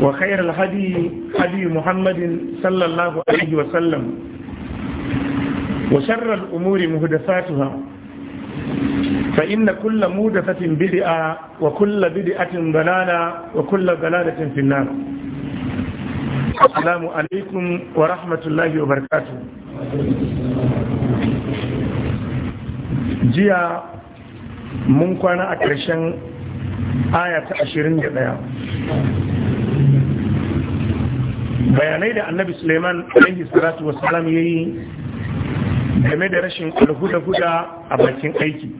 وخير الهدي هدي محمد صلى الله عليه وسلم وشر الأمور مهدفاتها فإن كل مهدفة بدئة وكل بدئة ضلالة وكل ضلالة في النار السلام عليكم ورحمة الله وبركاته جيا mun kwana a ƙarshen aya ta 21 bayanai da annabi suleiman alaihi salatu wasalam ya yi game da rashin alhuda-huda a bakin aiki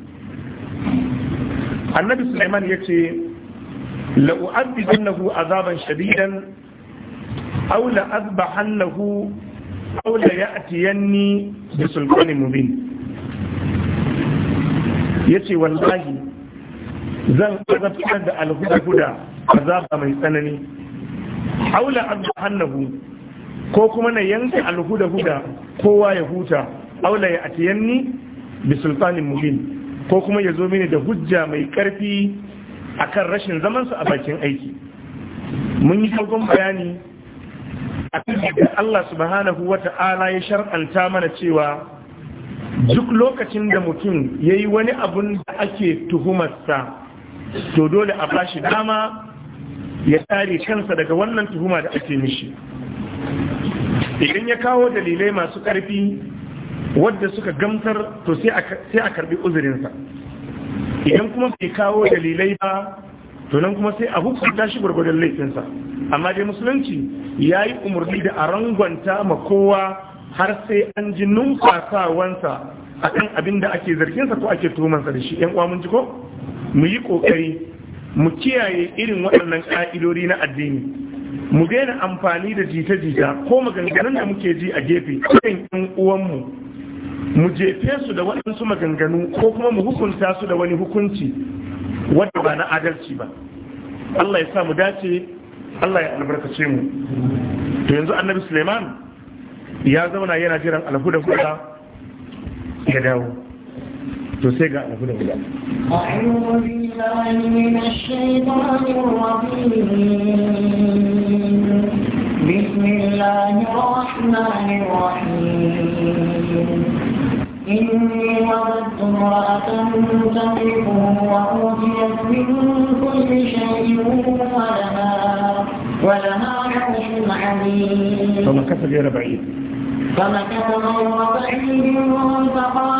annabi suleiman ya ce la'u'addinnahu azaban shadidan aw aula aw la'atiyanni bi sultanin mubin yace wallahi zan azabtar da alhuda-huda azaba mai tsanani haula an hannahu ko kuma na yanka alhuda huda kowa ya huta aula ya atiyanni bi sultanin mubin ko kuma ya zo mini da hujja mai karfi akan rashin zaman zamansa a bakin aiki mun yi farkon bayani a da Allah subhanahu wata'ala ya shar'anta mana cewa duk lokacin da mutum yayi wani abun da ake tuhumarsa to dole a bashi dama ya tsare kansa daga wannan tuhuma da ake mishi idan ya kawo dalilai masu ƙarfi wadda suka gamsar to sai a karbi uzurinsa idan kuma bai kawo dalilai ba to nan kuma sai a hukunta shi gwargwadon laifinsa amma dai musulunci ya yi umarni da a rangwanta ma kowa har sai an ji numfasawansa a kan abin da ake zarginsa ko ake tuhumansa da shi ‘yan uwa mun ji ko mu yi ƙoƙari mu kiyaye irin waɗannan ƙa'idodi na addini mu daina amfani da jita-jita ko maganganun da muke ji a gefe kan yan uwanmu mu jefe su da waɗansu maganganu ko kuma mu hukunta su da wani hukunci wanda ba na adalci ba Allah ya sa mu dace Allah ya albarkace mu to yanzu annabi Suleiman ya zauna yana jiran alhuda huda ya dawo تسيقى نقول هدى أعوذ بالله من الشيطان الرجيم بسم الله الرحمن الرحيم إني وجدت امرأة تقفهم وأوتيت من كل شيء ولها ولها عرش عظيم فمكث غير بعيد فمكث غير بعيد فقال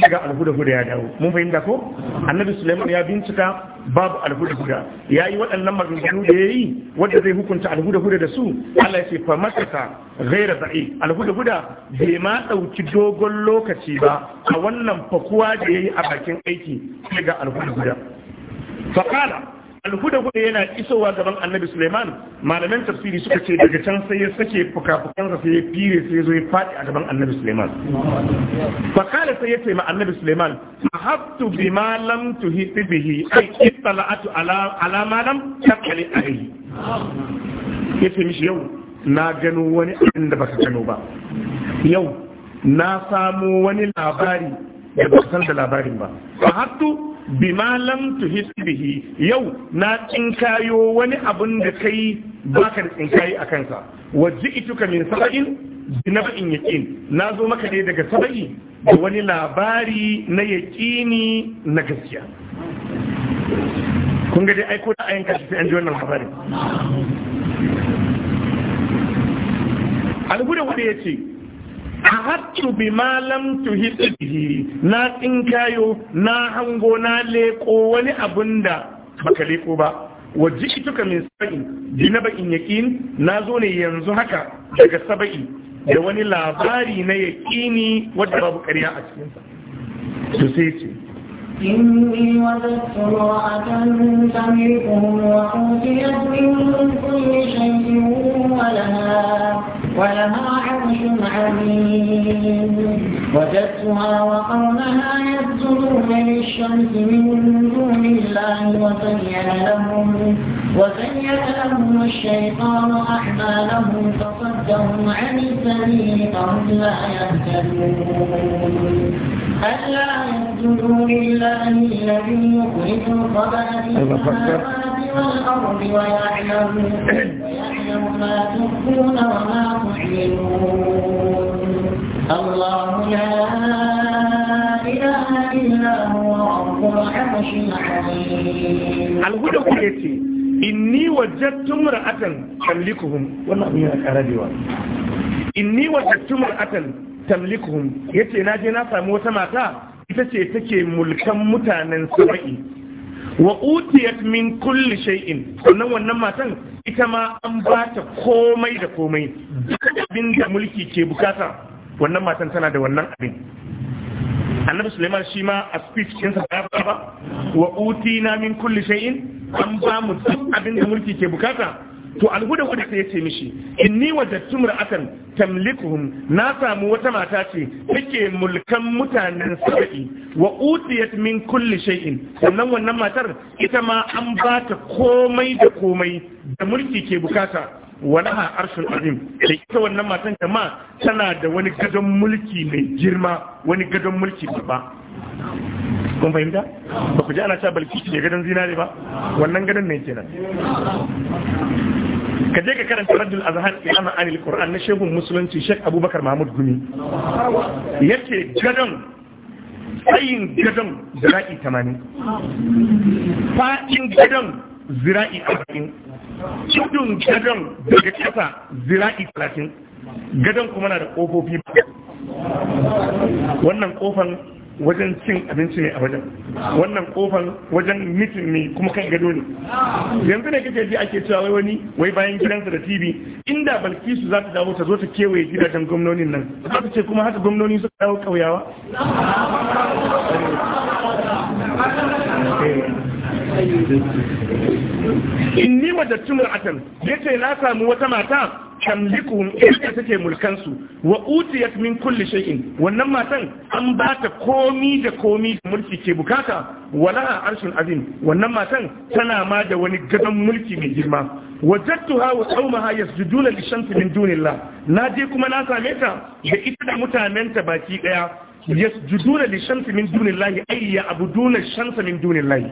shiga alhuda ya dawo mun fahimta ko annabi suleiman ya bincika babu alhuda-huda ya yi waɗannan maganganu da ya yi wadda zai hukunta alhuda da su allah ya ce fa masaka gaira za'i alhuda bai ma ɗauki dogon lokaci ba a wannan fakuwa da ya yi a bakin aiki shiga alhuda-huda alhuda hudu yana isowa gaban annabi suleiman malaman tafsiri suka ce daga can sai ya sake fuka-fukansa sai ya fire sai ya zo ya faɗi a gaban annabi suleiman fakala sai ya ce ma annabi suleiman mahabtu bi malam lam tuhiti bihi ai ittala'atu ala ma lam taqali alayhi yace mishi yau na gano wani abin da baka gano ba yau na samu wani labari da baka san da labarin ba fahattu bima lam tuhis bihi yau na tsinkayo wani abun da kai baka da tsinkayi a kansa waje ituka min saba'in binaba'in yaqin na zo maka ne daga saba'i da wani labari na yaqini na gaskiya kun ga dai aiko da ayin kashi an ji wannan labarin alhuda wanda ya ce ahattu bi malam tuhit bihi na tsinkayo na hango na leko wani abun da baka leko ba waje tuka min saba'in dina na bakin yakin na zo ne yanzu haka daga saba'i da wani labari na yakini wadda babu ƙarya a cikinsa to sai ce إني وجدت امرأة تملكهم وأوتيت من كل شيء ولها ولها عرش عظيم وجدتها وقومها يسجدون للشمس من دون الله وزين لهم وزين لهم الشيطان أعمالهم فصدهم عن السبيل فهم لا يهتدون ألا يسجدوا لله الذي يخرج الخبأ أيوة، السماوات الأرض ويعلم ويعلم ما تخفون وما تعلمون الله لا Alhuda kuke ce, Inni wajattun ra'atan tamlikuhum wannan abin yana ƙara dewa. Inni wajattun ra'atan tamlikuhum ya ce, Na je na samu wata mata, ita ce take mulkan mutanen saba'i wa utiyat min kulli shay'in sannan wannan matan ita ma an ba ta komai da komai abin da mulki ke bukata wannan matan tana da wannan abin annabi suleiman shi ma a speech sa ba ba wa utina min kulli shay'in an ba mu duk abin da mulki ke bukata to alhuda wanda sai ce mishi inni wajadtu mar'atan tamlikuhum na samu wata mata ce take mulkan mutanen saba'i wa utiyat min kulli shay'in sannan wannan matar ita ma an ba ta komai da komai da mulki ke bukata walaha arshul azim da ita wannan matan jama'a tana da wani gadon mulki mai girma wani gadon mulki babba kun fahimta ba ku ji ana cewa balki ne gadon zinare ba wannan gadon ne kenan ka je ka karanta raddul azhar fi ana qur'an na shehun musulunci shek abubakar mahmud gumi yace gadon tsayin gadon zira'i 80 fa'in gadon zira'i 40 cikin gadon daga kasa zira'i 30 gadon kuma na da kofofi wannan kofan wajen cin abinci ne a wajen wannan kofar wajen mitin ne kuma kan gado ne yanzu ne kake ji ake cewa wai wani wai bayan gidansa da tv inda balkisu za ta dawo ta zo ta kewaye gidajen gwamnonin nan za ta ce kuma haka gwamnoni suka dawo kauyawa inni wajattun Ya ce na samu wata mata tamlikuhum ita take mulkan su wa utiyat min kulli shay'in wannan matan an ba ta komi da komi da mulki ke bukata wala arshin azim wannan matan tana ma da wani gadon mulki mai girma wajadtuha wa qaumaha yasjuduna lishamsi min dunillah na je kuma na same ta da ita da mutanenta baki daya yasjuduna lishamsi min dunillahi ay ya'buduna shamsa min dunillahi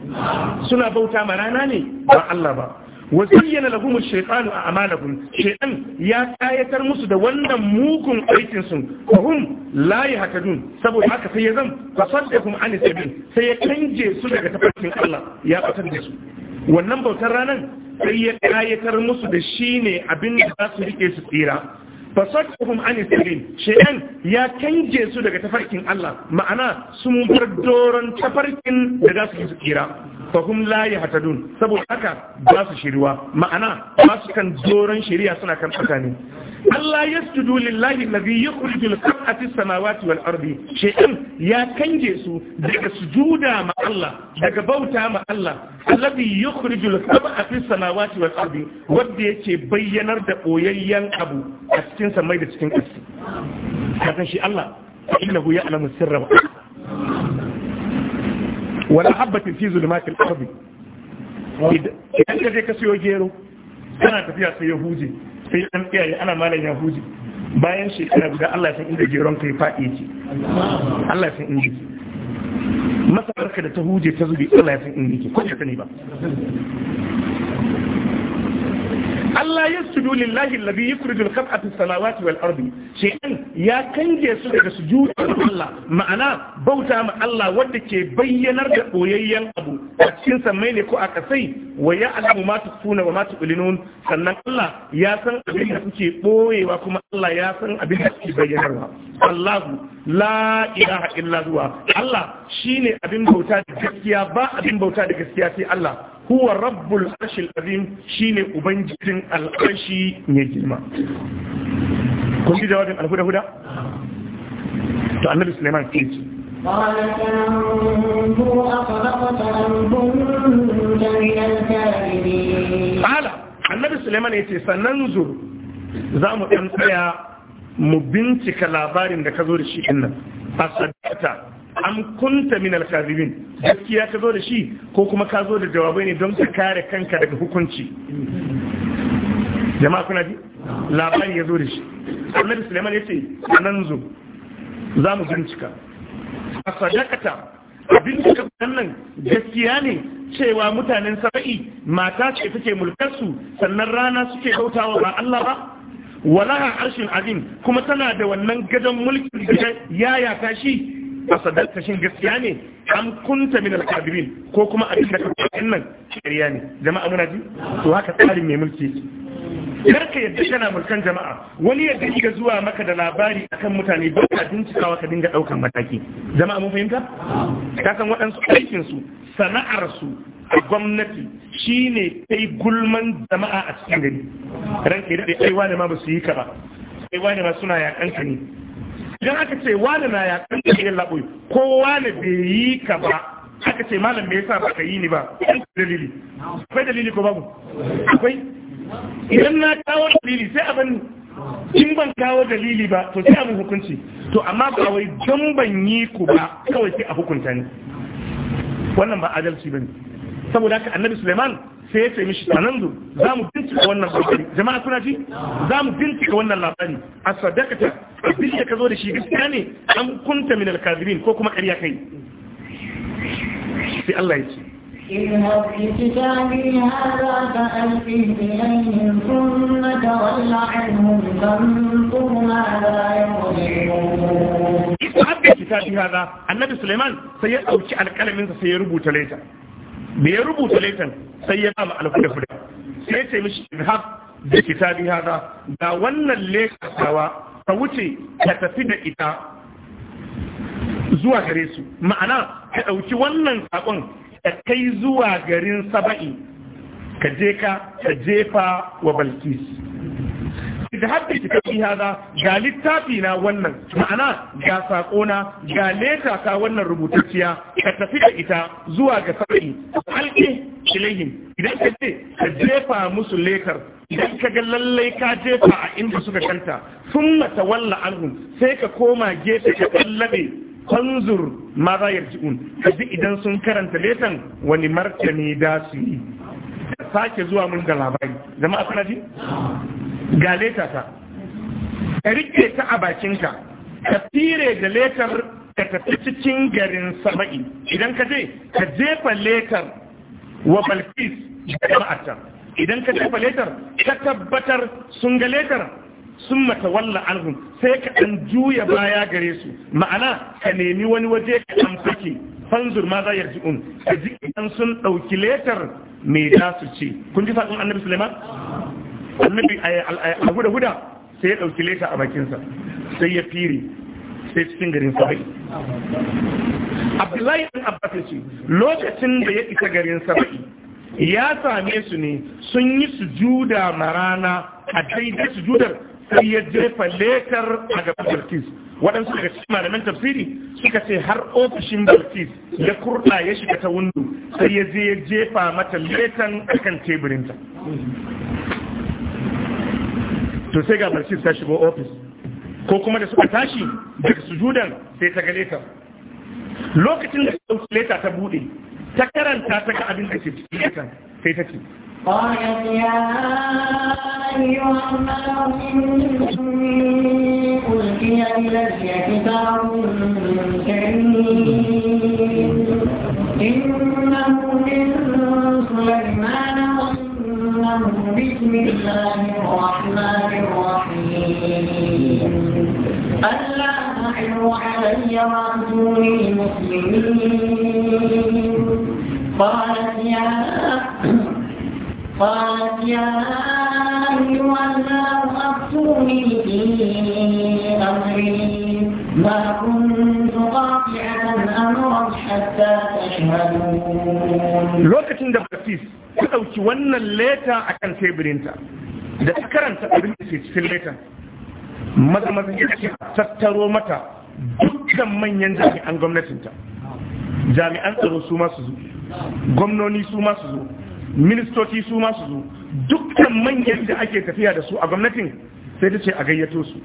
suna bauta ma rana ne ba Allah ba wasayyana lahum shaitanu a a'malahum shaytan ya kayatar musu da wannan mugun aikin su layi hum la yahtadun saboda haka sai ya zam fasaddakum an sabil sai ya kanje su daga tafarkin Allah ya fatar da su wannan bautar ranan sai ya kayatar musu da shine abin da za su rike su tsira fasaddakum an sabil shaytan ya canje su daga tafarkin Allah ma'ana sun bar doron tafarkin da za su tsira fahum la yahtadun saboda haka ba su shiriwa ma'ana ba su kan doron shiriya suna kan tsakani Allah ya su yasjudu lillahi alladhi yukhrijul khab'ati samawati wal ardi shay'an ya kange su daga sujuda ma Allah daga bauta ma Allah alladhi yukhrijul khab'ati samawati wal ardi ya ce bayyanar da boyayyen abu a cikin samai da cikin ƙasa kasan shi Allah innahu ya'lamu sirra wa wala habbati fi al ardi idan kaje ka siyo gero kana tafiya sai ya sai an kiyaye ana malan ya bayan shi kana guda Allah ya san inda geron kai fadi ji Allah ya san inda ji masa barka da tahuje ta zubi Allah ya san inda ji kwanye ne ba Allah ya sujudu lillahi alladhi yukhrijul khab'ata as-samawati wal ardi shay'an ya kange su daga sujudin Allah ma'ana bauta ma Allah wanda ke bayyanar da boyayyen abu a cikin sammai ne ko a kasai wa alamu ma tusuna wa ma tu'linun sannan Allah ya san abin da suke boyewa kuma Allah ya san abin da suke bayyanarwa Allahu la ilaha illa huwa Allah shine abin bauta da gaskiya ba abin bauta da gaskiya sai Allah huwa rabbul arshil azim shine ubangijin al'arshi ne girma kun ji jawabin alhuda huda to annabi Suleiman ke ce Ala, annabi Suleiman ya ce, sannan zur za mu ɗan tsaya mu bincika labarin da ka zo da shi nan. asadata am kunta min alkazibin gaskiya ka zo da shi ko kuma ka zo da jawabai ne don ka kare kanka daga hukunci jama'a kuna ji labari ya zo da shi annabi suleiman ya ce nan zo za mu bincika a sadakata abin da gaskiya ne cewa mutanen sara'i mata ce take mulkarsu sannan rana suke kautawa ba Allah ba walaha arshin azim kuma tana da wannan gadon mulkin da ya yaka shi a sadarta shin gaskiya ne an kunta min alkadirin ko kuma abin da kake nan shari'a ne jama'a muna ji to haka tsarin mai mulki kar ka yadda kana mulkan jama'a wani ya dinga zuwa maka da labari akan mutane ba ka bincikawa ka dinga daukan mataki jama'a mun fahimta ka san waɗansu aikin su sana'ar su a gwamnati shine kai gulman jama'a a cikin gari ranka ke daɗe ai wane ma ba su yi ka ba ai wane ma suna yakan ka ne idan aka ce wane na yakan ka ne laɓoyi ko wane bai yi ka ba aka ce malam me yasa ba ka yi ni ba dalili akwai dalili ko babu akwai idan na kawo dalili sai abin in ban kawo dalili ba to sai abin hukunci to amma ba wai don ban yi ku ba kawai sai a hukunta ni wannan ba adalci ne. saboda haka annabi suleiman sai ya ce mishi tsanan zu za mu bincika wannan labari jama'a suna ji za mu bincika wannan labari a sadakata abin da ka zo da shi gaskiya ne an kunta min alkazirin ko kuma ƙarya kai sai allah ya ce Ina haɗe kitabi haɗa ba ƙarfi biyan yin sun na tawalla a ilmun ɗan tuhu na da rayuwa ne. Ina haɗe kitabi haɗa, annabi Suleiman sai ya ɗauki alƙalaminsa sai ya rubuta laita. Me ya rubuta letan sai ya kama alfure-fure sai ce mishi izhab da kitabi hada da wannan lekatawa ka wuce ka tafi da ita zuwa gare su ma'ana ka ɗauki wannan saƙon ka kai zuwa garin saba'i ka je ka ka jefa wa balkis haddi kitabi hada ga littafi na wannan ma'ana ga sako na ga leta ka wannan rubutacciya ka tafi da ita zuwa ga sarki alƙi ilaihim idan ka ce ka jefa musu letar idan ka ga lallai ka jefa a inda suka kanta sun mata walla anhum sai ka koma gefe ka kallabe fanzur ma za ka ji idan sun karanta letan wani martani da su yi sake zuwa mun da labari jama'a kana ji ga leta ta ka rike ta a bakinka ka fire da letar ka tafi cikin garin saba'i idan ka je ka jefa letar wa balkis da jama'ata idan ka jefa letar ka tabbatar sun ga letar sun mata walla alhum sai ka ɗan juya baya gare su ma'ana ka nemi wani waje ka ɗan fake fanzur ma za ya ji un ka ji sun ɗauki letar mai dasu ce kun ji faɗin annabi suleiman annabi a guda guda sai ya ɗauki leta a bakinsa sai ya fire sai cikin garin sabai abdullahi ɗan abbasa ce lokacin da ya isa garin sabai ya same su ne sun yi su sujuda marana a daidai judar sai ya jefa letar a gaban Balkis waɗansu daga cikin malamin tafsiri suka ce har ofishin Balkis ya kurɗa ya shiga ta wundu sai ya je ya jefa mata letan akan teburinta to sai ga barci ta shigo ofis ko kuma da suka tashi daga sujudan sai ta gale ta, lokacin da ta leta ta bude ta karanta ta ga abin da ke cikin leta sai ta ce إنه من سليمان بسم الله الرحمن الرحيم ألا تحلوا علي وأتوني مسلمين قالت يا قالت يا أيها الله أفتوني في أمري ما كنت lokacin da Bartis ta ɗauki wannan leta a kan teburinta da ta karanta abin da ke cikin letan maza maza ce tattaro mata dukkan manyan jami'an gwamnatinta jami'an tsaro su masu zo gwamnoni su masu zo ministoci su masu zo dukkan manyan da ake tafiya da su a gwamnatin sai ta ce a gayyato su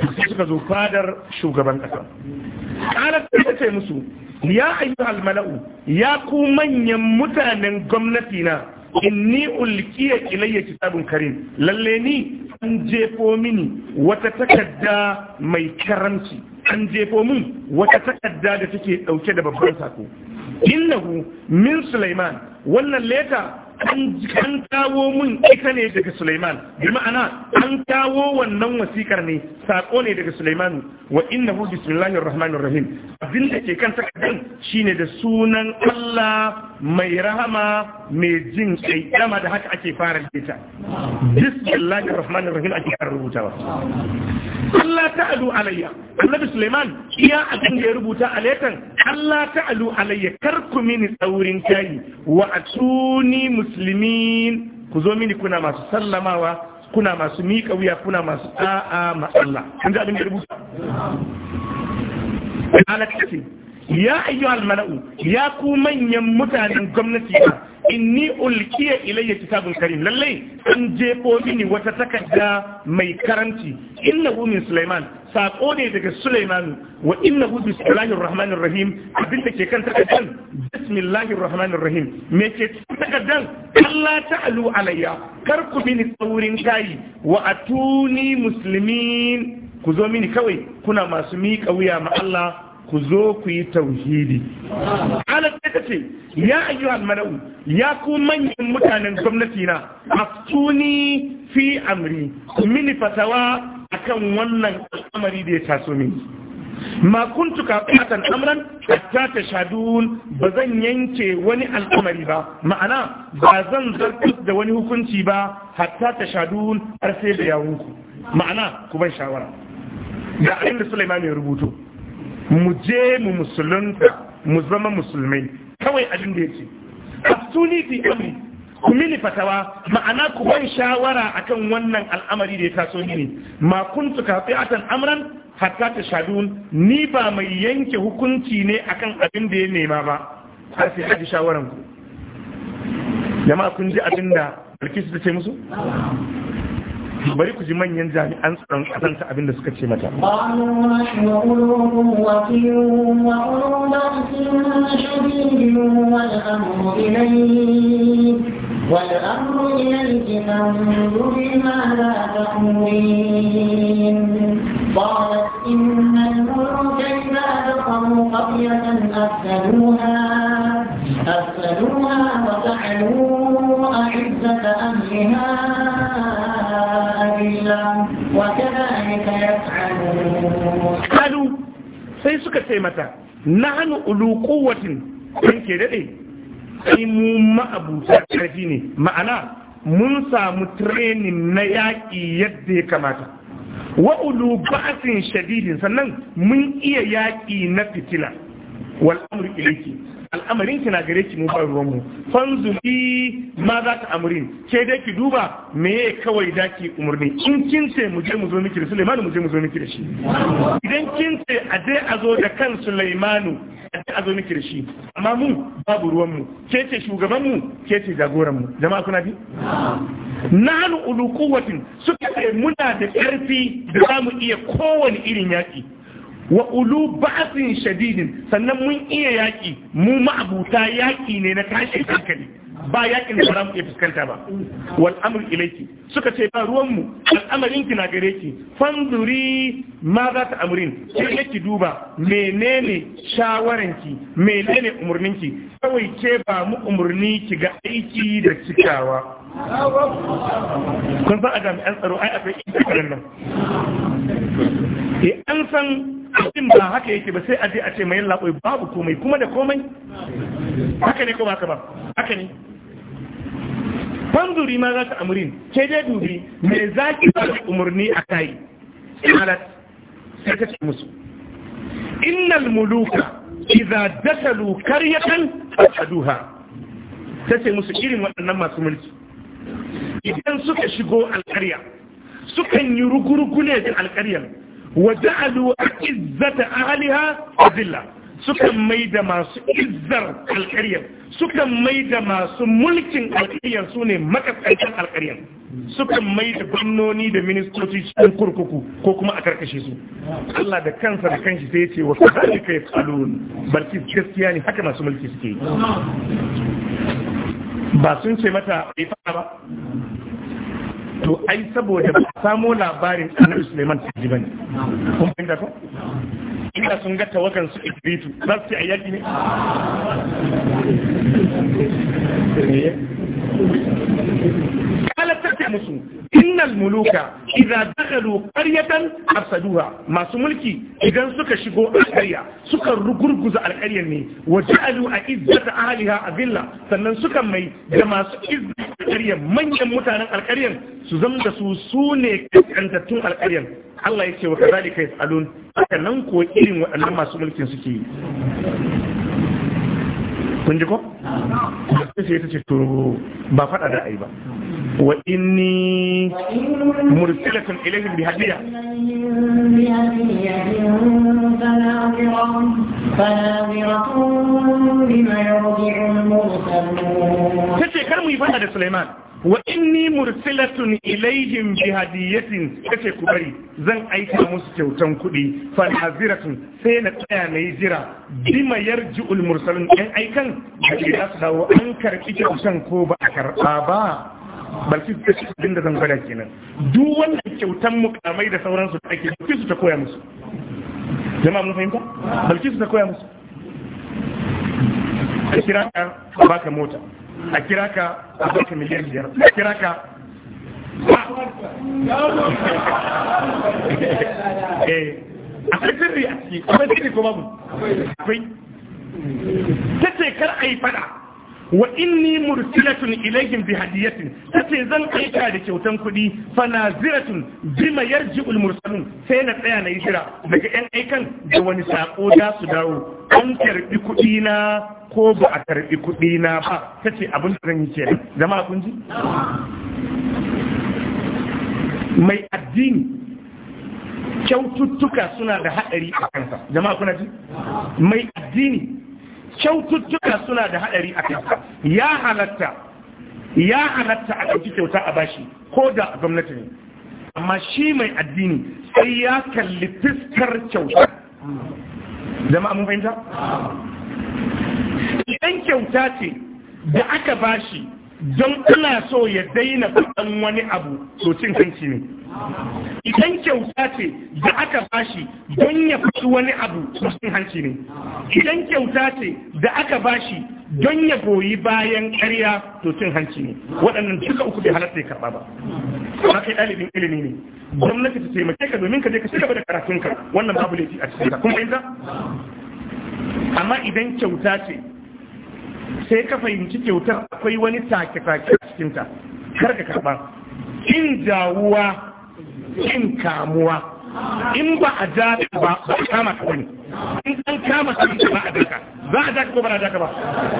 sai suka zo fadar shugaban kasa qalat ta ce musu ya ayyuhal almala'u ya ku manyan mutanen gwamnati na inni ulkiya ilayya kitabun karim lalle ni an jefo mini wata takarda mai karanci an jefo min wata takarda da take dauke da babban sako innahu min sulaiman wannan leta an kawo mun ita ne daga Sulaiman bi ma'ana an kawo wannan wasikar ne saƙo ne daga Sulaiman wa innahu bismillahir rahmanir rahim abin da ke kan takardar shine da sunan Allah mai rahama mai jin kai dama da haka ake fara lita bismillahir rahmanir rahim ake rubuta rubutawa Allah ta'alu alayya annabi Suleiman iya abin da ya rubuta a letan Allah ta'alu alayya kar ku mini tsaurin tayi wa atuni muslimin ku zo mini kuna masu sallamawa kuna masu miƙa wuya kuna masu a'a ma Allah an ji abin da ya rubuta ya ayyuhal mala'u ya ku manyan mutanen gwamnati na inni ulkiya ilayya kitabun karim lallai an jefo mini wata takarda mai karanci innahu min sulaiman sako ne daga sulaiman wa innahu bismillahir rahmanir rahim abinda ke kan takardan bismillahir rahmanir rahim me ke takardan Allah ta'alu alayya kar ku mini tsaurin kai wa atuni muslimin ku zo mini kawai kuna masu miƙa wuya ma Allah ku zo ku yi tauhidi ana ta ce ya ayyuhal mala'u ya ku manyan mutanen gwamnati na aftuni fi amri mini fatawa akan wannan al'amari da ya taso mini ma kuntu kafatan amran hatta tashadun ba zan yanke wani al'amari ba ma'ana ba zan zartar da wani hukunci ba hatta tashadun har sai da yawunku ma'ana ku ban shawara ga abin da Sulaiman ya rubuto mu je mu musulunta mu zama musulmai kawai abin da ya ce asuni fi amri ku mini fatawa ma'ana ku ban shawara akan wannan al'amari da ya taso gini ma kuntu kafi'atan amran hatta ta shadun ni ba mai yanke hukunci ne akan abin da ya nema ba har sai haji shawaran ku jama'a kun ji abin da ta ce musu bari ku ji manyan jami'an tsaron kasanta abin da suka ce mata قالت إن الملوك إذا دخلوا قرية أفسدوها أفسدوها أعزة أهلها أذلة وكذلك يفعلون sai suka ce mata na hannu ulu kowatin yanke daɗe sai mu ma'abuta ƙarfi ne ma'ana mun samu trenin na yaƙi yadda ya kamata wa ulu ba'asin shadidin sannan mun iya yaƙi na fitila walamur iliki al'amarin ki na gare ki mu ba ruwan mu fanzuri ma za ka amurin ke dai ki duba me kawai da ki umarni in kin ce mu je mu zo miki da Sulaimanu mu je mu zo miki da shi idan kin ce a je a zo da kan Sulaimanu a je a zo miki da shi amma mu babu ruwan mu ke ce shugaban mu ke ce jagoran mu jama'a kuna bi nahnu ulu quwwatin suka ce muna da karfi da za mu iya kowane irin yaki wa ulu ba'sin shadidin sannan mun iya yaki mu ma'abuta yaki ne na tashi hankali ba yakin da ba mu iya fuskanta ba wal amru ilayki suka ce ba ruwan mu al'amarin ki na gare ki fanzuri ma za ta amurin sai yake duba menene shawaranki menene umarninki kawai ke ba mu umarni ki ga aiki da cikawa kun san a jami'an tsaro ai akwai ikirar nan eh an san abin ba haka yake ba sai a je a ce mai labai babu komai kuma da komai haka ne ko ba ka ba haka ne fanzuri ma za ta amurin ke dai dubi mai zaki ba da umarni a kai halat sai ta ce musu innal muluka idza dakalu karyatan fasaduha ta ce musu irin waɗannan masu mulki idan suka shigo alƙarya sukan yi rugurugu ne da alƙaryar وجعلوا عزة أهلها أذلة sukan mai da masu izzar alkariyar sukan mai da masu mulkin alkariyar su ne makasancin alkariyar sukan mai da gwamnoni da ministoci cikin kurkuku ko kuma a karkashe su Allah da kansa da kanshi sai ce wa kazali kai tsalon barci gaskiya ne haka masu mulki suke ba sun ce mata a yi ba to ai saboda ba samo labarin annabi Suleiman ta ji bane kun fahimta ko ina sun ga tawagan su Ibritu zasu ayyaki ne eh, innal muluka idza dakhalu qaryatan afsaduha masu mulki idan suka shigo alqarya suka rugurguza alqaryar ne a wa ja'alu izzat a adilla sannan suka mai da masu izzat alqaryar manyan mutanen alqaryar su zama da su sune kantattun alqaryar Allah yake wa kadhalika yasalun sannan ko irin waɗannan masu mulkin suke yi kun ji ko sai ta ce to ba fada da ai ba wa inni mursilatun ilayhim bi hadiya ta ce kar mu yi fada da Suleiman wa inni mursilatun ilaihim bi hadiyatin kace ku bari zan aika musu kyautan kuɗi fal haziratun sai na tsaya na jira bima yarji'ul mursalun ɗan aikan da ke za su dawo an karɓi kyautan ko ba a karɓa ba balki su shi abin da zan gwada kenan duk wannan kyautan mukamai da sauransu da ake barci su ta koya musu jama'a mun fahimta balki su ta koya musu a kira ka baka mota a kira ka a miliyan biyar a kira ka a eh, sirri a ciki sirri akwai ta ce kar a yi fada wa inni mursilatun ilayhim bi hadiyatin tace zan aika da kyautan kuɗi fa naziratun bima yarji'ul mursalun sai na tsaya na yi jira daga yan aikan da wani sako da su dawo an karbi kuɗi na ko ba a karbi kuɗi na ba tace abin da zan yi kenan jama'a kun ji mai addini kyaututtuka suna da haɗari a kansa jama'a kuna ji mai addini kyaututtuka suna da haɗari a kanta ya halatta ya halatta a ɗauki kyauta a bashi ko da gwamnati ne amma shi mai addini sai ya kalli fiskar kyauta zama mun fahimta idan kyauta ce da aka bashi don ana so ya daina kuɗin wani abu to cin hanci ne idan kyauta ce da aka bashi don ya faɗi wani abu mutum hanci ne idan kyauta ce da aka bashi don ya goyi bayan karya to cin hanci ne waɗannan duka uku bai halatta ya karɓa ba ba kai ɗalibin ilimi ne gwamnati ta taimake ka domin ka je ka ci gaba da karatunka wannan babu laifi a cikin ka kuma yanzu amma idan kyauta ce sai ka fahimci kyautar akwai wani take-take a cikinta kar ka karɓa in jawuwa kin kamuwa in ba a ja ba ba a kama ka bane in an kama ka ba a daka za a daka ko ba a daka ba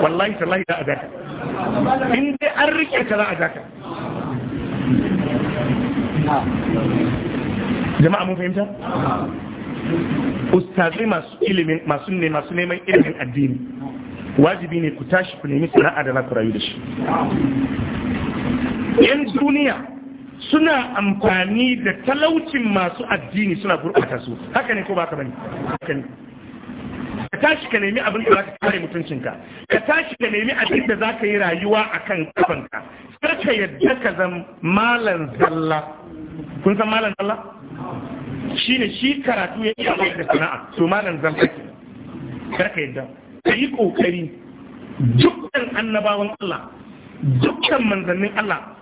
wallahi tallahi za a daka in dai an rike ka za a daka jama'a mun fahimta ustazai masu ilimin masu ne masu neman ilimin addini wajibi ne ku tashi ku nemi sana'a da na ku rayu da shi yan duniya suna amfani da talaucin masu addini suna gurɓata su haka ne ko ba ka bane haka ne ka tashi ka nemi abin da za ka kare mutuncinka ka tashi ka nemi abin da za ka yi rayuwa a kan kafanka sai ka yadda ka zama malan zalla kun san malan zalla ne shi karatu ya iya mai da sana'a to malan zalla ke kar ka yadda ka yi kokari dukkan annabawan Allah dukkan manzannin Allah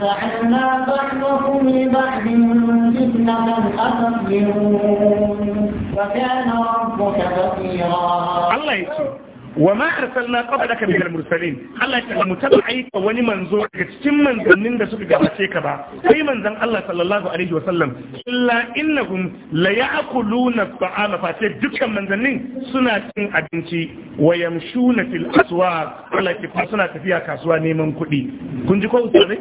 وجعلنا بعضكم لبعض فتنة أتصبرون وكان ربك بصيرا الله يسلمك wa ma arsalna qablaka min al-mursalin Allah ya ce mu taba wani manzo daga cikin manzannin da suka gabace ka ba sai manzon Allah sallallahu alaihi wasallam illa innahum la ya'kuluna ta'ama fa sai dukkan manzannin suna cin abinci wa yamshuna fil aswaq Allah ya suna tafiya kasuwa neman kuɗi kun ji ko ustazai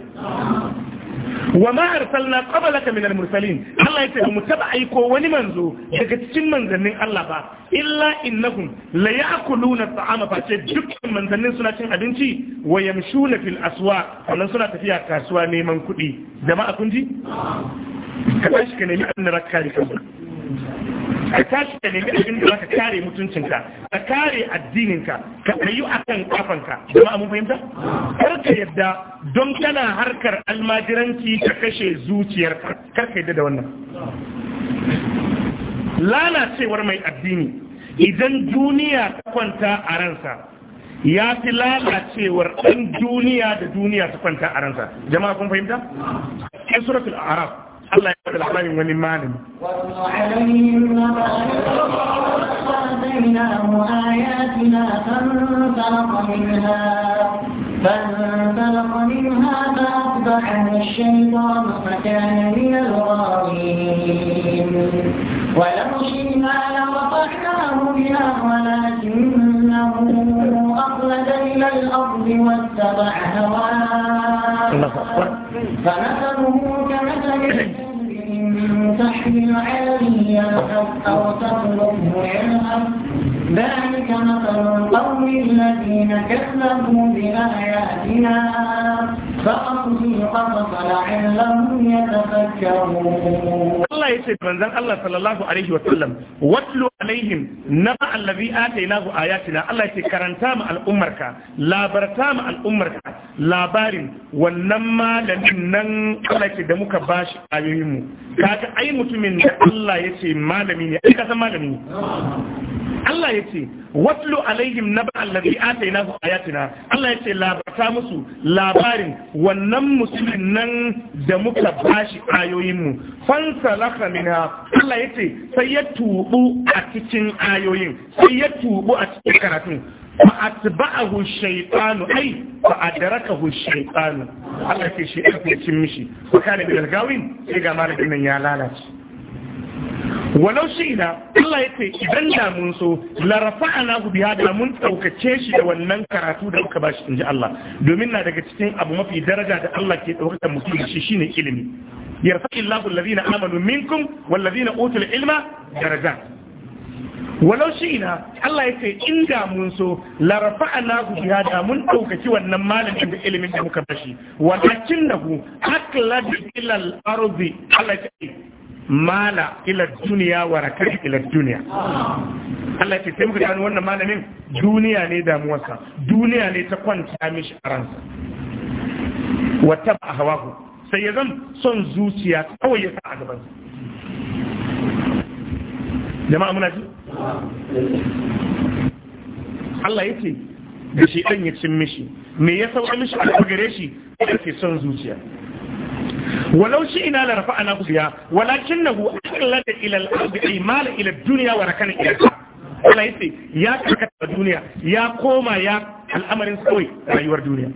wa ma'arsalna arsalna qablaka minal mursalin Allah yace mu taba aiko wani manzo daga cikin manzannin Allah ba illa innahum la ya'kuluna ta'ama fa ce dukkan manzannin suna cin abinci wa yamshuna fil aswa wannan suna tafiya kasuwa neman kuɗi jama'a kun ji ka tashi ka nemi annabi kare kanka ka tashi ka nemi abin da zaka kare mutuncinka ka kare addininka ka tsayu akan kafanka jama'a mun fahimta kar ka yadda don kana harkar almajiranci ka kashe zuciyarka kar ka yadda da wannan lalacewar mai addini idan duniya ta kwanta a ransa ya fi lalacewar ɗan duniya da duniya ta kwanta a ransa jama'a kun fahimta? Ƙin suratul Arab الله يقول labarin wani malami فانطلق منها فأصبح الشيطان فكان من الغاوين ولو شئنا لرفعناه بها ولكن أنه أخلد إلى الأرض واتبع هواه فمثله كمثل إن تحمل عليه أو تخلقه يلهث ذلك مثل القوم الذين كذبوا بآياتنا فأقصي القصص لعلهم يتفكرون الله يسير من الله صلى الله عليه وسلم واتلو عليهم نبأ الذي آتيناه آياتنا الله يسير كرنتام الأمركا لا برتام الأمركا لا بارم ونما لنن الله يسير دمك باش آيوهم كاك أي متمن الله يسير مالمين أي كذا مالمين Allah ya ce watlu alaihim naba allazi atainahu ayatina Allah ya ce labarta musu labarin wannan musulmin nan da muka bashi ayoyin mu fansalaka minha Allah ya ce sai ya tubu a cikin ayoyin sai ya tubu a cikin karatun فأتبعه Allah ya ce الشيطان الله في شيء mishi. تمشي وكان من sai ga ما nan ya lalace. walau shi ina Allah ya ce idan da mun so la rafa'ana hu biha da mun daukace shi da wannan karatu da muka bashi in ji Allah domin na daga cikin abu mafi daraja da Allah ke daukaka mutum da shi shi ne ilimi yarfa'i Allahu alladhina amanu minkum walladhina utul ilma daraja. walau shi ina Allah ya ce in da mun so la rafa'ana hu biha da mun daukaci wannan malamin da ilimin da muka bashi walakin nahu aklad ila al-ardi Allah ya ce mala ila duniya wa rakar ila duniya Allah ya sai muka gano wannan malamin duniya ne damuwarsa duniya ne ta kwanta mishi a ransa wa taba hawahu sai ya zan son zuciya kawai ya sa a gabansa jama'a muna ji Allah ya ce da shi dan ya cin mishi me ya sauka mishi a gare shi ya ce son zuciya ولو شئنا لرفعنا بها ولكنه أخلد إلى الأرض duniya مال إلى الدنيا وركن إلى Allah ya ce ya duniya ya koma ya al'amarin kawai rayuwar duniya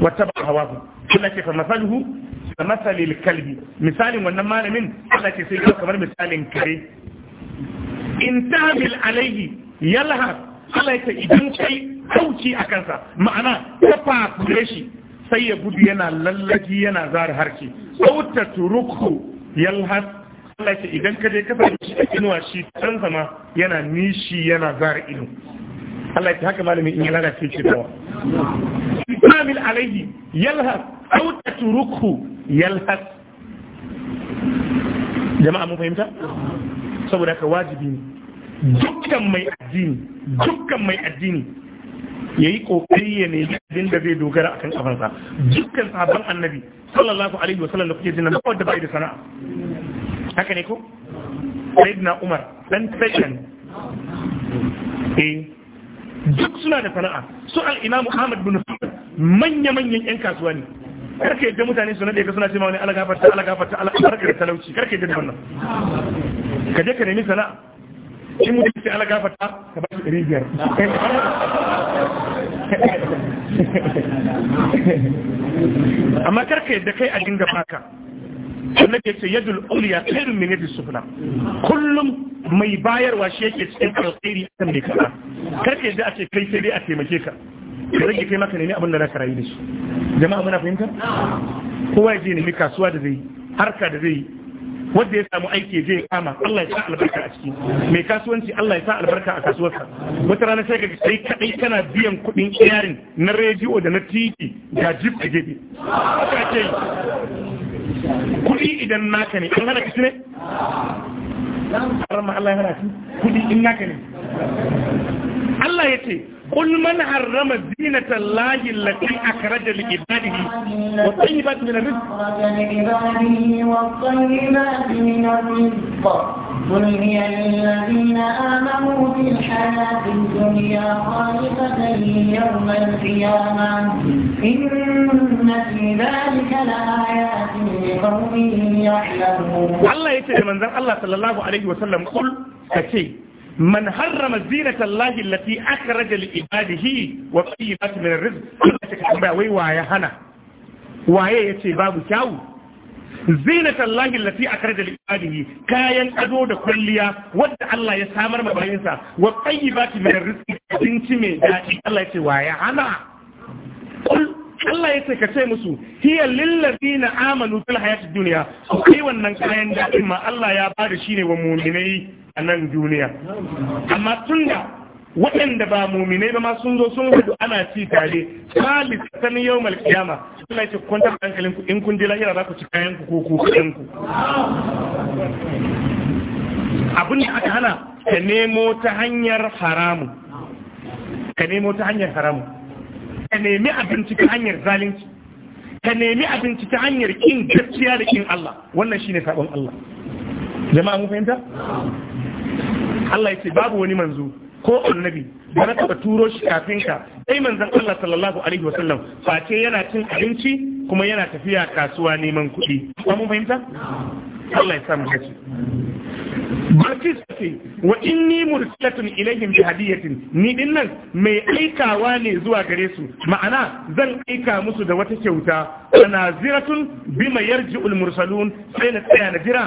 wata ba hawa ku Allah ce fa masaluhu da masalil misalin wannan malamin Allah ce sai kamar misalin kare in tabil alaihi yalha Allah ya ce idan kai kauci a kansa ma'ana ka fafure sai ya gudu yana lallaki yana zara harki sauta turuku yalhas Allah ce idan ka je ka sami shi a inuwa shi can zama yana nishi yana zara ido Allah ya haka malamin in ya lalace ce dawa Ibrahim alaihi yalhas sauta turuku yalhas jama'a mun fahimta saboda ka wajibi ne dukkan mai addini dukkan mai addini Yayi yi kokari ya ne abin da zai dogara akan kafansa dukkan sabon annabi sallallahu alaihi wa sallam da kuke jin nan da bai da sana'a haka ne ko sayyidina umar dan tsayyan eh duk suna da sana'a su al-imamu ahmad bin hanbal manya manyan yan kasuwa ne karka yadda mutane su nade ka suna cewa wani alagafarta alagafarta alagafarta talauci karka da wannan ka je ka nemi sana'a in mutum sai ala gafarta ka ba ɗari biyar amma karka da kai a dinga baka sannan ke ce yadul uliya khairun min yadis sufla kullum mai bayarwa shi yake cikin alkhairi akan me kaza karka yadda a ce kai sai dai a taimake ka ka rage kai maka ne abin da zaka rayu da shi jama'a muna fahimta kowa ya je nemi kasuwa da zai harka da zai wanda ya samu aiki zai kama Allah ya sa albarka a ciki mai kasuwanci Allah ya sa albarka a kasuwarsa wata rana sai ka sai kadai kana biyan kudin iyarin na rediyo da na titi ga jib da gefe haka ce kudi idan naka ne an hana ka ne har ma Allah ya hana ka Kudi in naka ne Allah ya ce قل من حرم زينة الله التي أخرج لعباده والطيبات من الرزق أخرج لعباده والطيبات من الرزق قل هي للذين آمنوا في الحياة الدنيا خالصة يوم القيامة إن في ذلك لآيات لقوم يعلمون الله يتعلم من ذلك الله صلى الله عليه وسلم قل كشيء man harrama zinata Allah allati akhraja li ibadihi wa tayyibati min ar-rizq Allah wai wa ya hana waye yace babu kyawu zinata Allah allati akhraja li ibadihi kayan ado da kwalliya wadda Allah ya samar ma bayinsa wa abinci mai daɗi Allah yace hana Allah ya ce ka ce musu hiya lillazina amanu fil hayatid dunya akwai wannan kayan da ma Allah ya bada shi ne wa mu'minai a nan duniya amma tunda waɗanda ba mu'minai ba ma sun zo sun hudu ana ci tare salisatan yawmal qiyama Allah ya ce kun hankalin ku in kun je lahira za ku ci kayan ku ko ku kayan ku abin da aka hana ka nemo ta hanyar haramu ka nemo ta hanyar haramu ka nemi abinci ta hanyar zalunci ka nemi abinci ta hanyar kin gaskiya da kin Allah wannan shine sabon Allah jama'a mun fahimta Allah ya ce babu wani manzo ko annabi da na taba turo shi kafin ka sai manzon Allah sallallahu alaihi wasallam face yana cin abinci kuma yana tafiya kasuwa neman kuɗi mun fahimta Allah ya samu gaci bartisatin wa inni mursilatun ilaihim bi hadiyatin ni dinnan mai aikawa ne zuwa gare su ma'ana zan aika musu da wata kyauta naziratun bima yarji'ul mursalun sai na tsaya na jira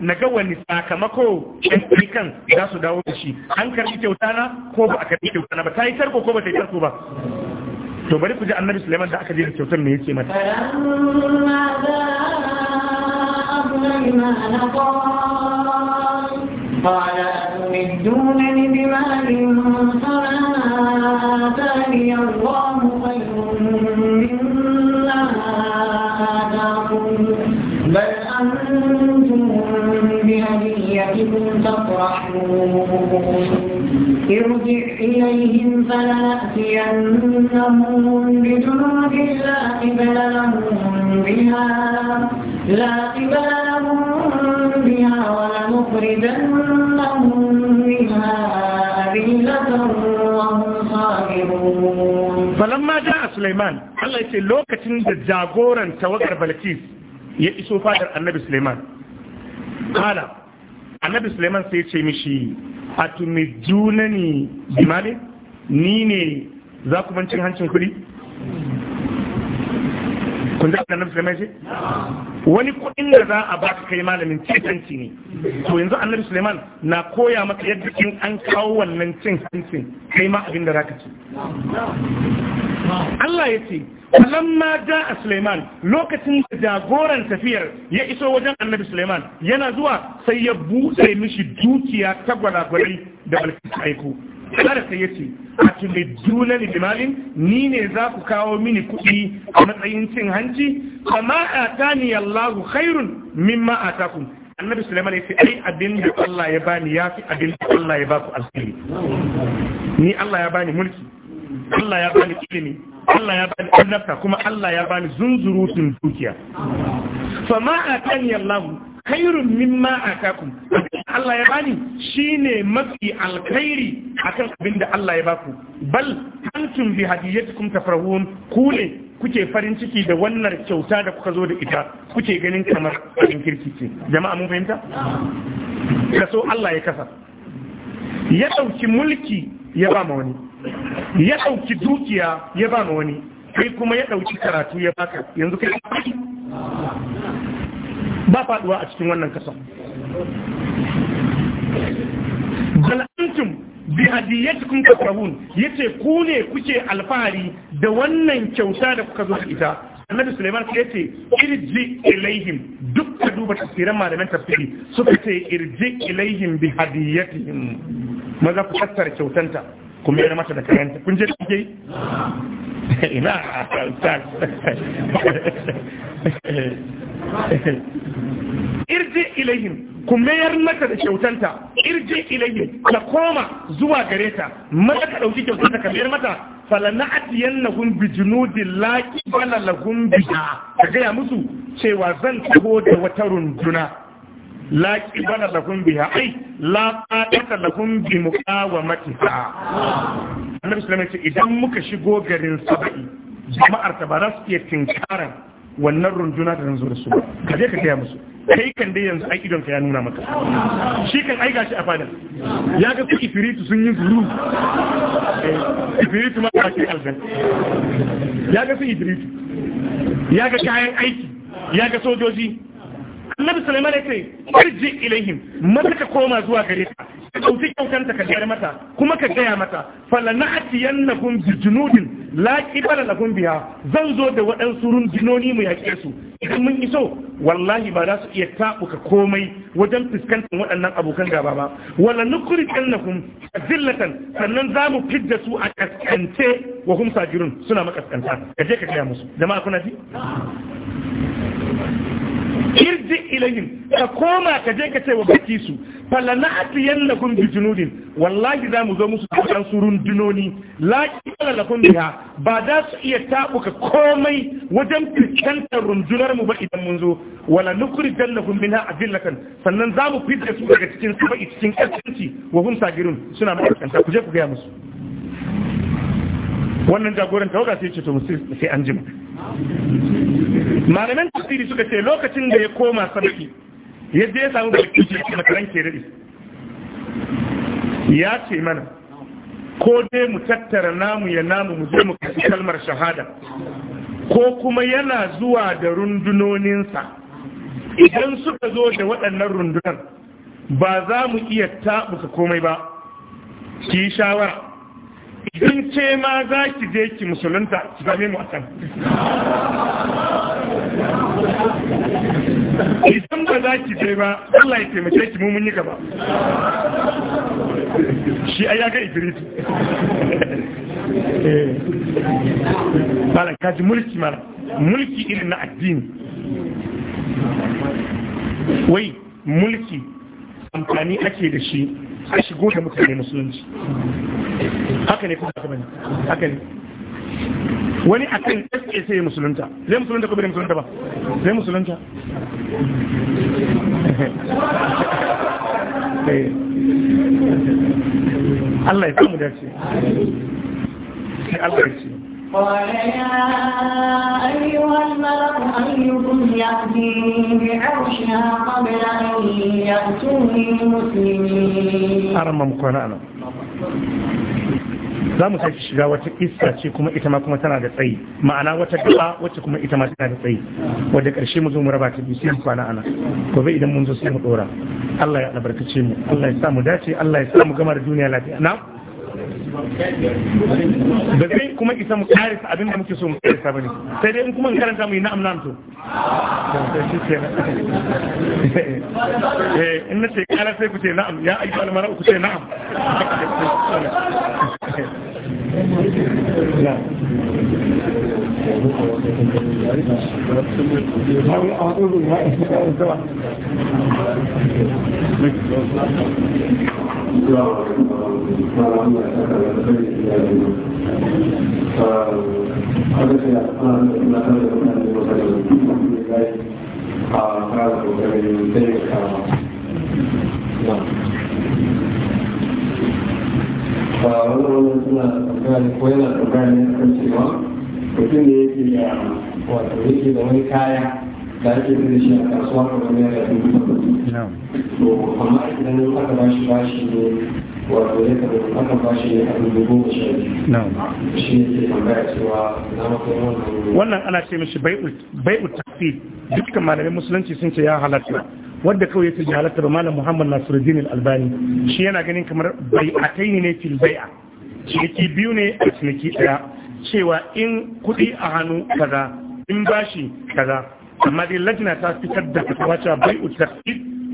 na ga wani sakamako ɗan aikan za su dawo da shi an karɓi kyauta na ko ba a karɓi kyauta na ba ta yi tarko ko ba ta yi tarko ba to bari ku ji annabi Suleiman da aka je da kyautar me yake mata فلما قال أتمدونني بمال فما آتاني الله خير مما آتاكم بل أنتم بهديتكم تفرحون ارجع إليهم فلنأتينهم بجنود لا قبل لهم بها لا قبل لهم بها ولنخرجنهم بها أذلة وهم صاغرون فلما جاء سليمان الله يقول لوكتين جاغورا توقر بلكيس يأسوا فادر النبي سليمان قال النبي سليمان sai ce mishi a ni bimali ni ne za ku mancin hancin kuɗi kun da annabi sulaiman ce wani kuɗin da za a baka kai malamin cin ne to yanzu annabi sulaiman na koya maka yadda in an kawo wannan cin hancin kai ma abin da za ka ci Allah ya ce falamma a Suleiman lokacin da jagoran tafiyar ya iso wajen Annabi Suleiman yana zuwa sai ya buɗe mishi dukiya ta gwalagwalai da balkisa aiku kada sai ya ce a tuliduna limalin ni ne za ku kawo mini kuɗi a matsayin cin hanci kama atani Allahu khairun mimma atakum Annabi Suleiman ya ce ai abin da Allah ya bani yafi abin da Allah ya baku alheri ni Allah ya bani mulki Allah ya bani ilimi Allah ya bani annabta kuma Allah ya bani zunzurutun dukiya fa ma atani Allah khairun mimma atakum Allah ya bani shine mafi alkhairi akan abin da Allah ya baku bal antum bi hadiyatikum ku ne, kuke farin ciki da wannan kyauta da kuka zo da ita kuke ganin kamar abin kirki ce jama'a mun fahimta kaso Allah ya kasa ya ɗauki mulki ya ba ma wani ya ɗauki dukiya ya ba wani kai kuma ya ɗauki karatu ya baka yanzu kai ba faɗuwa a cikin wannan kasa bal'antum bi kun tafrahun yace ku ne kuke alfahari da wannan kyauta da kuka zo da ita annabi suleiman ya ce irji ilaihim duk ka duba tafsiran malaman tafsiri suka ce irji ilaihim bi hadiyyatihim maza ku tattara kyautanta Ku mayar mata da karanta kun je da ina ilayhim ku mayar mata da kyautanta irji ilayhim ka koma zuwa gare ta mata ka dauki kyautanta ka mayar mata fala na'atiyannahum bi junudin la lahum biha ka gaya musu cewa zan taho da wata runduna la qibala lakum biha ai la qadata lakum bi muqawamatiha annabi sallallahu ce idan muka shigo garin sabai jama'ar ta ba za su iya tinkaran wannan runduna da zo da su ka je ka taya musu kai kan dai yanzu ai idon ka ya nuna maka shi kan aika shi a fadar ya ga su ifiritu sun yi zuru eh, ifiritu ma ka ce aljan ya ga su ifiritu ya ga kayan aiki ya ga sojoji annabi sulaiman ya ce irji ilaihim mata ka koma zuwa gare ta ka dauki kyautanta ka gaya mata kuma ka gaya mata falana'tiyannakum bi junudin la qibala lahum biha zan zo da waɗansu rundunoni mu yaƙe su idan mun iso wallahi ba za su iya taɓuka komai wajen fuskantar waɗannan abokan gaba ba wala nukhrijannakum azillatan sannan za mu fidda su a kaskance wa hum sajirun suna makaskanta kaje ka gaya musu jama'a kuna ji irji ilayhim ka koma ka je ka ce wa baki su falana'tiyan lakum bi junudin wallahi za mu zo musu da surun dunoni la qala lakum biha ba da su iya taɓuka komai wajen fiskantar rundunar mu ba idan mun zo wala na lakum minha adillatan sannan za mu fitar su daga cikin su ba cikin kasance wa hum sagirun suna mutunta ku je ku ga musu wannan jagoran tawaga sai ce to sai an jima malaman tafsiri suka ce lokacin da ya koma sarki ya je samu da kici a makaran ya ce mana ko dai mu tattara namu ya namu mu je mu kashi kalmar shahada ko kuma yana zuwa da rundunoninsa idan suka zo da waɗannan rundunar, ba za mu iya taɓuka komai ba ki shawara in ce ma za ki je ki musulunta ki zame mu a idan ba za ki je ba Allah ya taimake ki mu mun yi gaba shi ai ya ga bala kaji mulki malam mulki irin na addini wai mulki amfani ake da shi a shigo da mutane musulunci haka ne kuma haka haka ne wani a kan ƙasƙe sai musulunta zai musulunta ko bai musulunta ba zai musulunta Allah ya kamu dace sai Allah ya ce قال يا أيها الملك أيكم يأتيني بعرشها قبل أن يأتوني مسلمين أرمم قنانا za mu sake shiga wata iska ce kuma ita ma kuma tana da tsayi ma'ana wata gaba wacce kuma ita ma tana da tsayi wadda karshe mu zo mu raba ta biyu sai mu kwana ana gobe idan mun zo sai mu dora Allah ya albarkace mu Allah ya sa mu dace Allah ya sa mu gama da duniya lafiya na da zai kuma isa mu karisa abin da muke so mu karisa bane sai dai in kuma in karanta mu yi na'am na'am to eh in na ce kala sai ku ce na'am ya aiki almara ku ce na'am Thank you. malam ya saka da kai ya yi a da yi a da yi suna ko yana a kan wato da wani kaya da ake da shi a kasuwa bashi bashi ne wato kan shi kan goma sha biyu shi ne ke tambaya cewa na wannan ana ce mishi bai'u tafi dukkan malamai musulunci sun ce ya halatta wadda kawai yake ji halatta ba malam muhammad nasiruddin albani shi yana ganin kamar bai'atai ne fil bai'a ciniki biyu ne a ciniki daya cewa in kuɗi a hannu kaza in bashi kaza amma dai lajina ta fitar da wata bai uta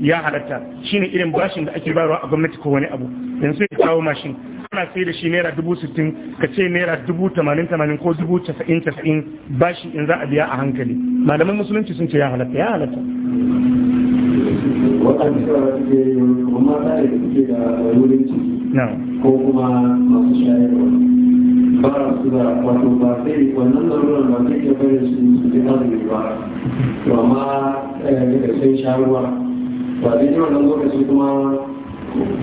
ya halatta shine irin bashin da ake bayarwa a gwamnati ko wani abu yanzu ya kawo mashin ana sai da shi naira dubu sittin ka ce naira dubu tamanin tamanin ko dubu casa'in casa'in bashi in za a biya a hankali malaman musulunci sun ce ya halatta ya halatta ko kuma masu shayarwa fara su da wato ba sai wannan larurar ba zai iya bari su su ji azumi ba to amma eh, daga sai sharuwa ba zai wannan lokaci kuma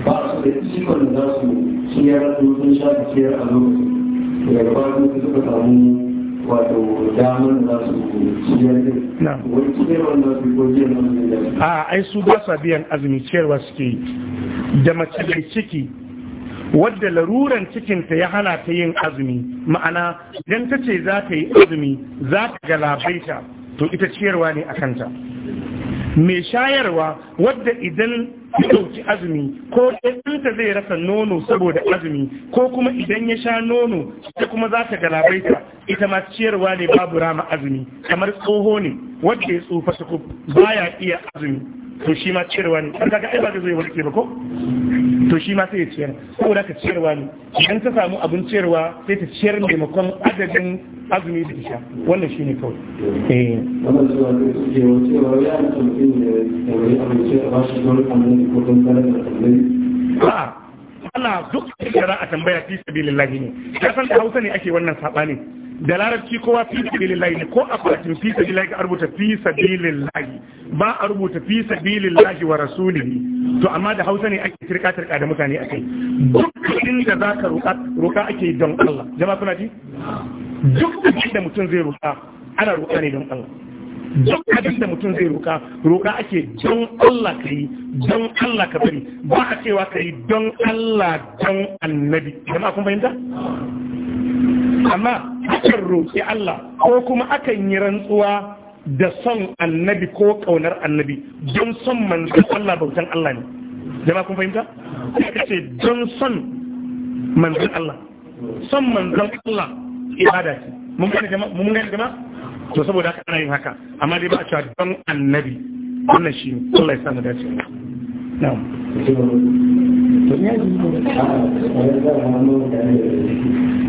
ba su da cikon da za su ciyar su sun sha su ciyar a lokacin daga bayan su suka samu wato damar da su ciyar da wani ciyarwar da su ko ciyar da su a ai su ba sa biyan azumi ciyarwa suke da mace mai ciki wadda laruran cikinta ya hana ta yin azumi ma'ana idan ta ce za ta yi azumi za ta galabaita to ita ciyarwa ne a kanta mai shayarwa wadda idan ya ɗauki azumi ko ɗanta zai rasa nono saboda azumi ko kuma idan ya sha nono ita kuma za ta galabaita ita ma ciyarwa ne babu rama azumi kamar tsoho ne wacce ya tsufa su baya iya azumi to shi ma ciyarwa ne kaga ai ba zai warke ba ko to shi ma sai ya ciyar da ka ciyarwa ne idan ta samu abin ciyarwa sai ta ciyar makon adadin azumi da isha wannan shine kawai eh a'a ana duk da a tambaya fi sabilillahi ne kasan da Hausa ne ake wannan sabani da larabci kowa fi sabilillahi ne ko akwatin fi sabilillahi a rubuta fi sabilillahi ba a rubuta fi sabilillahi wa rasulihi to amma da Hausa ne ake tirka tirka da mutane akai duk inda za ka roka ake don Allah jama kuna ji duk inda mutum zai roka ana roka ne don Allah duk abin da mutum zai roka roka ake don Allah ka yi don Allah ka bari ba a cewa ka yi don Allah don annabi jama kun fahimta amma akan roƙi Allah ko kuma akan yi rantsuwa da son annabi ko ƙaunar annabi don son manzon Allah bautan Allah ne jama'a kun fahimta aka ce don son manzon Allah son manzon Allah ibada ce mun gane jama'a mun gane jama'a to saboda haka ana yin haka amma dai ba a cewa don annabi wannan shi ne, Allah ya samu dace na'am to a da